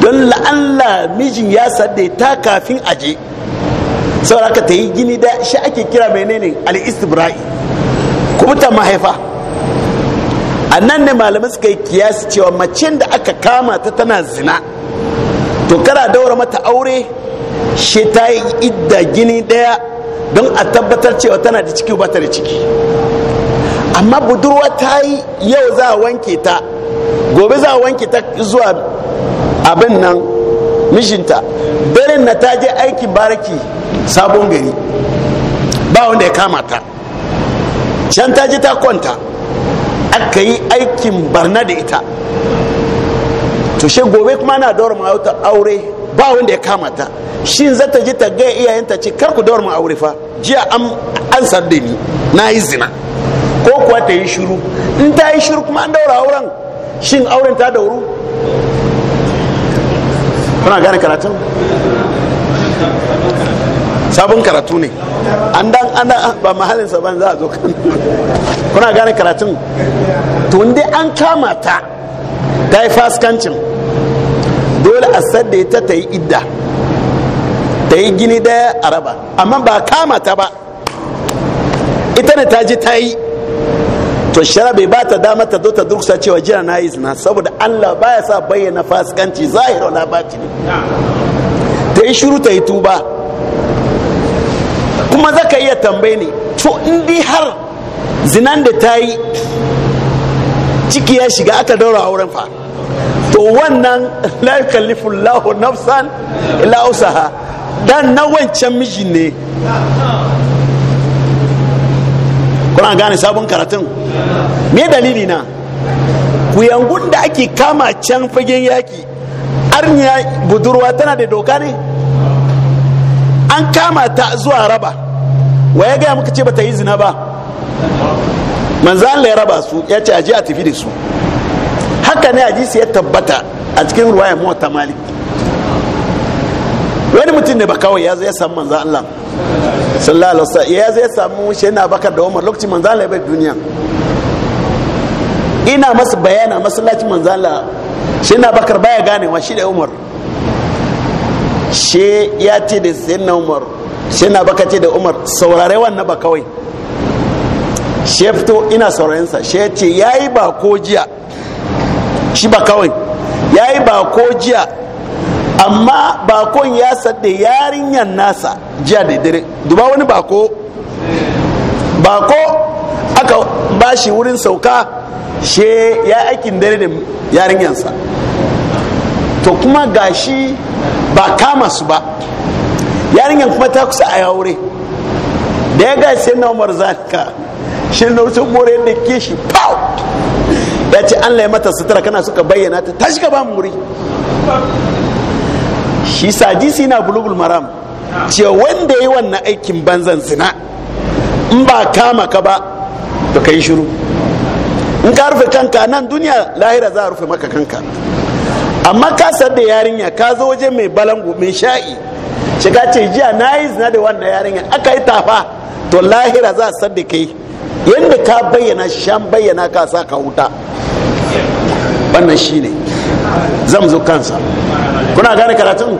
don la'alla mijin ya sadde ta kafin aje sauraka ta yi gini daya shi ake kira menene al kuma ta mahaifa a nan ne malamai suka yi kiyasi cewa macen da aka kama ta tana zina to kada daura mata aure shi ta yi idda gini daya don a tabbatar cewa tana da ciki ba ta da ciki amma budurwa ta yi yau za a wanke ta gobe za a wanke ta zuwa abin nan mishinta berin na ta je aikin baraki sabon gari ba wanda ya kama ta can ta je ta kwanta aka yi aikin barna da ita to shi gobe kuma na daura ma aure ba wanda ya kama ta shin za ta ji ta ga iyayenta ce kar ku daura ma aure fa jiya an an sarde ni na yi zina ko kuwa ta yi shiru in ta yi shiru kuma an daura auren shin auren ta dauru kuna gane karatun sabon karatu ne an dan ana ba mahalin ban za a zo kan kuna gane karatun to dai an kama ta ta yi faskancin dole a sadda ta ta yi idda ta yi gini daya a raba amma ba kama ta ba ita ne ta ji ta yi to sharabe ba ta dama ta zo ta durkusa cewa jira na yi zina saboda allah ya sa bayyana fasikanci zahira na ba ne ta yi shuru ta yi tuba kuma zaka iya tambaye ne to in har zinan da ta yi ciki ya shiga aka daura auren fa to wannan la yukallifu Allahu nafsan illa usaha dan na wancan miji ne kuna gane sabon karatun me dalili na ku da ake kama can fagen yaki arniya budurwa tana da doka ne an kama ta zuwa raba wa ya gaya muka ce bata yi zina ba manzo Allah ya raba su ya ce aje a tafi da su haka ne hadisi ya tabbata a cikin ruwaya mota malik wani mutum ne ba kawai ya zai samu manzo Allah sallallahu alaihi wasallam ya zai samu shi bakar da Umar lokacin manzo Allah ya bar duniya ina masa bayana masallacin manzo Allah shi bakar baya ganewa shi da Umar shi ya ce da sayyidina Umar shi yana ce da Umar saurare wannan ba kawai shefto ina sauransa shi ya ce ya yi ba ko jiya shi ba kawai ya yi ba ko jiya amma bakon ya sadda yarinyan nasa jiya da dare duba wani bako bako aka ba shi wurin sauka she ya aikin dare da yarinyansa to kuma gashi ba kama su ba yarinyan kuma ta kusa a yaure da ya gaisa na umar zaka shi na wasu more yadda ke shi pow ya ce an laye mata sutura kana suka bayyana ta tashi ka ba mu wuri shi sadisi na bulugul maram ce wanda yi wannan aikin banzan zina in ba kama ka ba to kai shiru in ka rufe kanka nan duniya lahira za a rufe maka kanka amma ka sar da yarinya ka zo waje mai balangu mai sha'i shiga ce jiya na yi zina da wannan yarinya aka yi tafa to lahira za a san da kai yadda ka bayyana shan bayyana ka sa ka wuta wannan shine zan zo kansa kuna gane karatun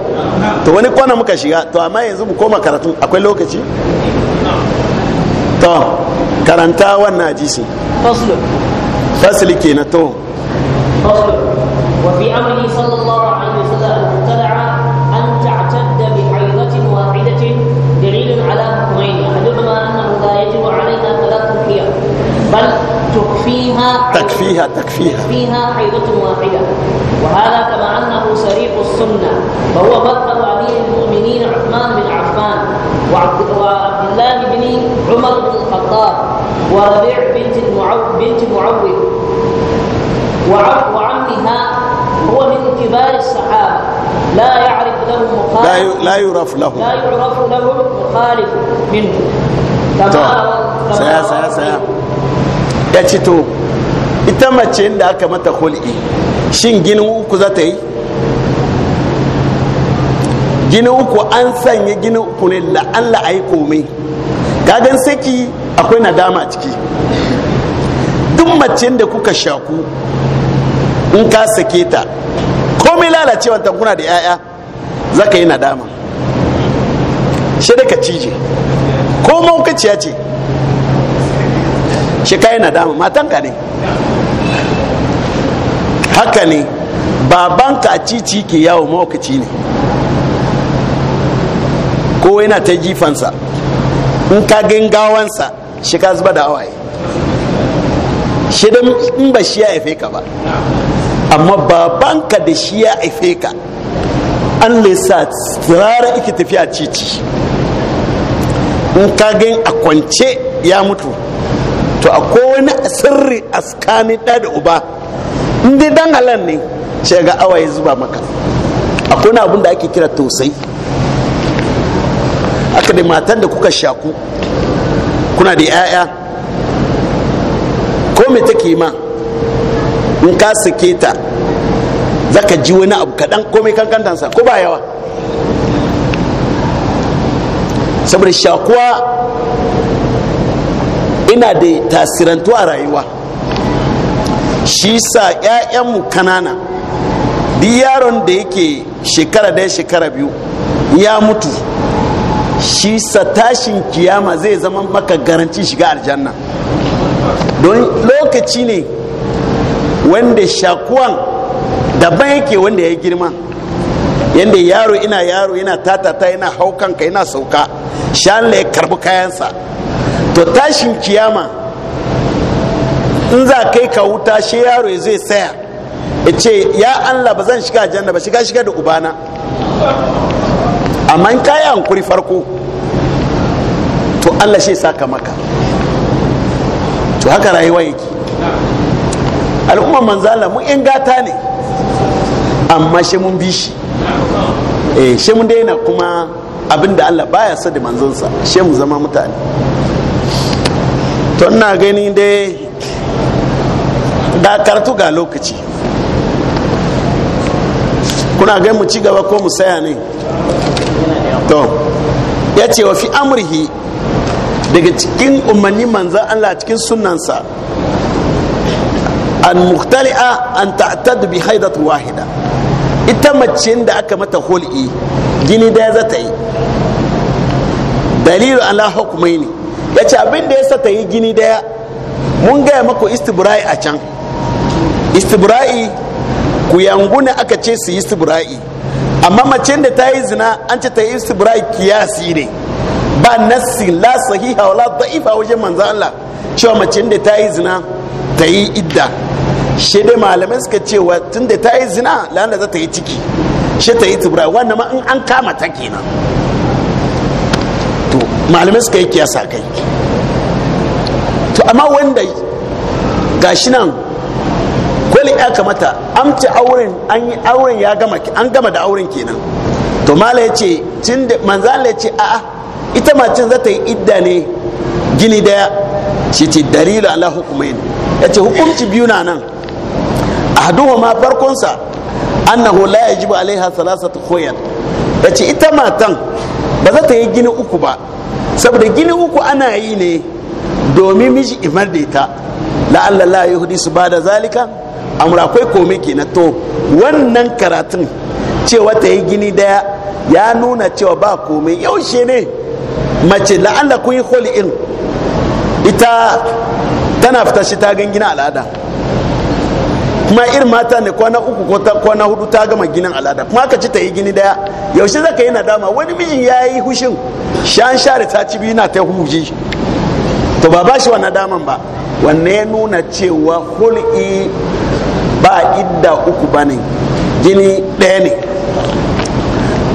to wani kwana muka shiga to amma yanzu mu koma karatun akwai lokaci to karanta wannan hadisi fasli ke na to wa fi amri sallallahu تكفيها تكفيها فيها حيضة واحدة وهذا كما أنه سريح السنة فهو مذهب أمير المؤمنين عثمان بن عفان وعبد الله بن عمر بن الخطاب وربيع بنت المعو بنت معوذ وعمها هو من كبار الصحابة لا يعرف له مخالف لا يعرف له لا يعرف له مخالف منه تمام سيا سيا سيا يا ita mace da aka mata hul'i shin ginin uku za ta yi ginin uku an sanya ginin uku ne la'alla a yi komai gagan saki akwai nadama ciki duk mace da kuka shaku in ka sake ta komai lalacewa ta kuna da 'ya'ya za ka yi nadama shi da ka cije ko maukaciya ce shi ka yi nadama matan ka ne haka ne baban ka cici ke yawo mawakaci ne ko yana ta jifansa in ka gangawansa shi ka zuba da hawaye shi in ba shi ya haife ka ba amma babanka da shi ya haife ka an lesa tsirara ike tafiya cici in ka gan a kwance ya mutu to akwai wani sirri a tsakanin da uba in dai dan halal ne sai ga awa ya zuba maka akwai na abin da ake kira tosai aka da matan da kuka shaku kuna da 'ya'ya ko me take ma in ka sake ta za ka ji wani abu kaɗan komai kankantansa ko ba yawa saboda shakuwa ina da tasirantu a rayuwa shi sa 'ya'yanmu kanana duk yaron da yake shekara daya shekara biyu ya mutu shi sa tashin kiyama zai zama maka garanci shiga aljanna don lokaci ne wanda shakuwan daban yake wanda ya girma yadda yaro ina yaro yana tatata yana haukanka yana sauka shan ya karbi kayansa to tashin kiyama in za kai ka wuta shi yaro ya zai saya ya ce ya allah ba zan shiga janna ba shiga shiga da ubana amma in kayi hankuri farko to allah shi saka maka to haka rayuwa yake al'umman manzala mu in gata ne amma shi mun bi shi eh shi mun daina kuma abinda allah baya sa da manzansa shi mu zama mutane to ina gani dai ga karatu ga lokaci kuna gai mu ci gaba ko mu saya ne to ya ce wa fi amurhi daga cikin umarni manzan Allah cikin sunansa an muhtali'a an ta'tad bi haidat wahida ita mace da aka mata hul'i gini daya za ta yi dalilu ala hukumai ne ya ce abin da ya sa ta yi gini daya mun gaya maku istibrai a can istibra'i ku yanguna aka ce su yi istibra'i amma mace da ta yi zina an ce ta yi istibra'i kiyasi ne ba nassi la sahiha wala da'ifa wajen manzo Allah cewa mace da ta yi zina ta yi idda she dai malamai suka ce wa tunda ta yi zina lana za ta yi ciki she ta yi istibra'i wannan ma in an kama ta kenan to malamai suka yi kiyasa kai to amma wanda gashi nan misali ya kamata amce auren an yi auren ya gama an gama da auren kenan to mala ya ce cin da manzala ya ce a'a ita macin za ta yi idda ne gini daya shi ce dalilu ala hukumain ya ce hukunci biyu na nan ahaduhu ma farkonsa annahu la yajibu alaiha salasatu khuyar ya ce ita matan ba za ta yi gini uku ba saboda gini uku ana yi ne domin miji imar da ita la'alla la yahudi su ba da zalika amur akwai komai kenan to wannan karatun cewa ta yi gini daya ya nuna cewa ba komai yaushe ne mace la'alla kun yi in ita tana fita shi ta gan gina al'ada kuma irin mata ne kwana uku ko kwana hudu ta gama ginin al'ada kuma aka ci ta yi gini daya yaushe zaka yi nadama wani mijin ya yi hushin shan share ta ci biyu na ta huji to ba ba shi wa nadaman ba wanne ya nuna cewa hul'i ba idda uku ba ne jini ɗaya ne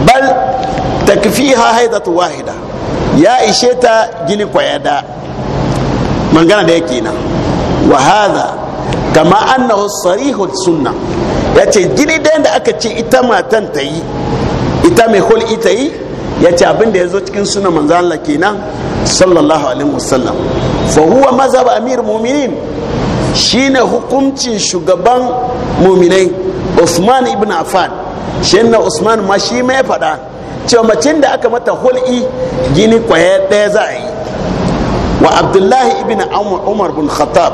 bal takfiha haidatu wahida ya ishe ta jini kwaya da mangana da yake na wa kama annahu sarihu sunna ya ce jini ɗaya da aka ce ita matan ta yi ita mai hul ita yi ya ce abin ya zo cikin suna manzan Allah kenan sallallahu alaihi wasallam fa huwa mazhab amir mu'minin shine hukuncin shugaban muminai usman ibn affan shinna usman ma shi ma ya faɗa cewa macin da aka mata hul'i gini kwaya ɗaya za a yi wa abdullahi ibn umar bin khattab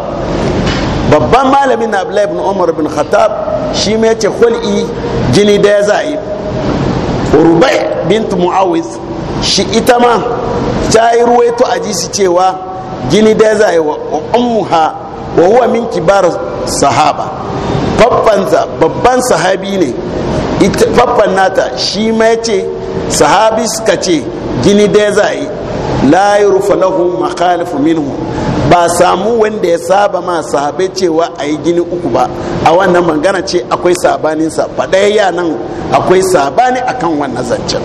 babban malamin na abdullahi ibn umar bin khattab shi ma ya ce hul'i gini ɗaya za a yi rubai bint muawiz shi ita ma ta yi ruwaito a jisi cewa gini ɗaya za a yi wa ha. wa huwa min kibar sahaba babban sahabi ne faffan nata shi ma ce sahabi suka ce gini da za yi layi rufa lahun makalifu minhu ba samu wanda ya saba ma sahabe cewa a yi gini uku ba a wannan magana ce akwai sabaninsa faɗaya nan akwai sabani akan wannan zancen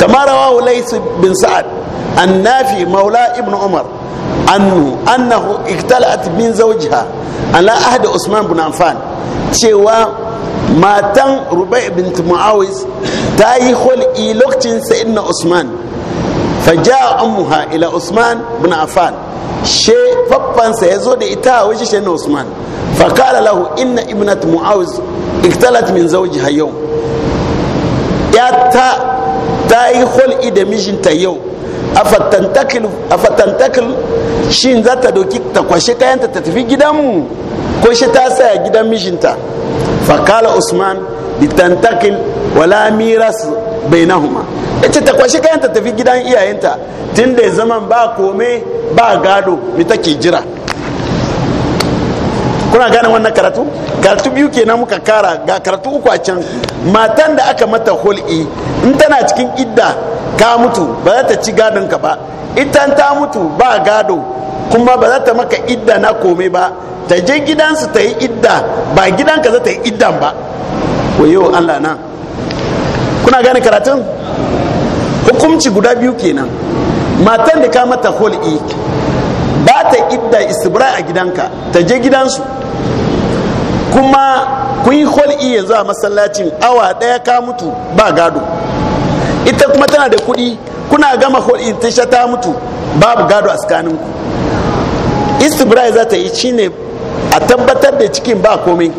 kamar rawahu laisu bin sa'ad annafi maula ابن عمر أنه أنه اقتلعت من زوجها على أحد Usman بن عفان cewa matan rubai bint mu'awiz ta yi hul'i lokacin sa'idna usman faja ammuha ila usman bin affan she faffansa ya zo da ita a wajen na usman fakala lahu inna ibnat mu'awiz iktalat min zawjiha yau ya ta ta yi hul'i da mijinta yau fatantakil shi za ta doki ta kwashe kayanta ta tafi gidanmu ko shi ta saya gidan mijinta fakala usman tantakil wala miras bainahuma ita ta kwashe kayanta ta tafi gidan iyayenta tun da zaman ba kome ba gado mi take jira kuna gane wannan karatu karatu biyu na muka kara ga karatu uku a can matan da aka mata hul'i in tana cikin idda ka mutu ba za ta ci gadon ka ba ita ta mutu ba gado kuma ba za ta maka idda na komai ba ta je gidansu ta yi idda ba gidanka za ta yi iddan ba wayo allah na kuna gane karatun hukumci guda biyu kenan matan da ka mata hol'i ba ta idda istibra a gidanka ta je gidansu kuma kun yi hol'i yanzu a masallacin awa ɗaya ka mutu ba gado ita kuma tana da kuɗi kuna gama hulɗin ta ta mutu babu gado a tsakanin ku za ta yi shine a tabbatar da cikin ba komai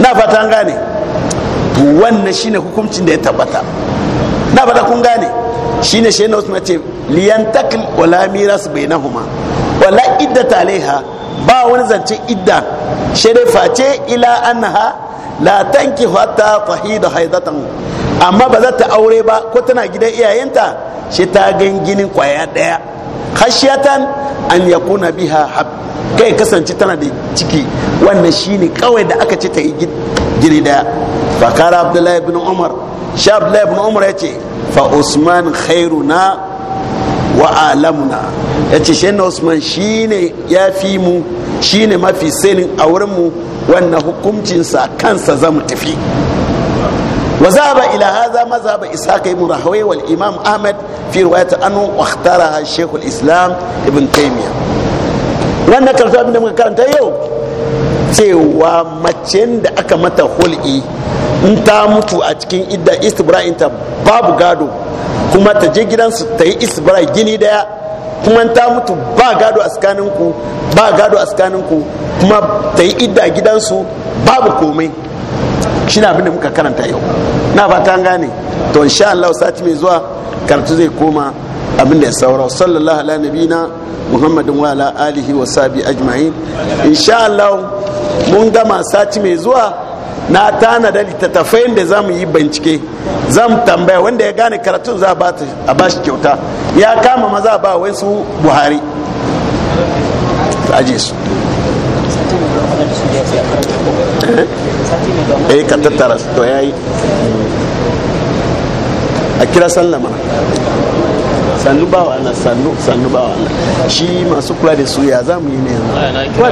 na fata an gane wannan shine hukuncin da ya tabbata na fata kun gane shine shi na usman ce liyan takil wala miras bainahuma wala idda ta ba wani zance idda sharifa face ila annaha la tanki hatta fahida haidatan amma ba za ta aure ba ko tana gidan iyayenta shi ta ganginin kwaya daya khashiyatan an yakuna biha hab kai kasance tana da ciki wannan shine kawai da aka ce ta yi gini daya fakara abdullahi ibn umar sha abdullahi ibn umar yace fa usman khairuna wa alamuna yace shi na usman shine yafi mu shine mafi sanin a wurinmu wannan hukuncinsa kansa za mu tafi wa za zaba ila hadha mazhab ishaq ibn rahawi wal imam ahmad fi riwayat anu wa ikhtaraha shaykh islam ibn taymiyyah wannan karfi abin da muka karanta yau cewa macen da aka mata hul'i in ta mutu a cikin idda ta babu gado kuma ta je gidansu ta yi istibra gini daya kuma ta mutu ba gado a tsakaninku ba gado a tsakaninku kuma ta yi idda gidansu babu komai shi na abin da muka karanta yau na ba ta gane to insha Allah sati mai zuwa karatu zai koma abin da ya saura sallallahu ala nabina muhammadin wa ala alihi wa sabi ajma'in insha Allah mun gama sati mai zuwa na tana da littattafai da za mu yi bincike za mu tambaya wanda ya gane karatun za a ba shi kyauta ya kama maza ba wai su buhari aje su eh ka tattara su to yayi a kira sallama sannu bawa Allah sannu bawa Allah shi masu kula da su ya za mu yi ne yanzu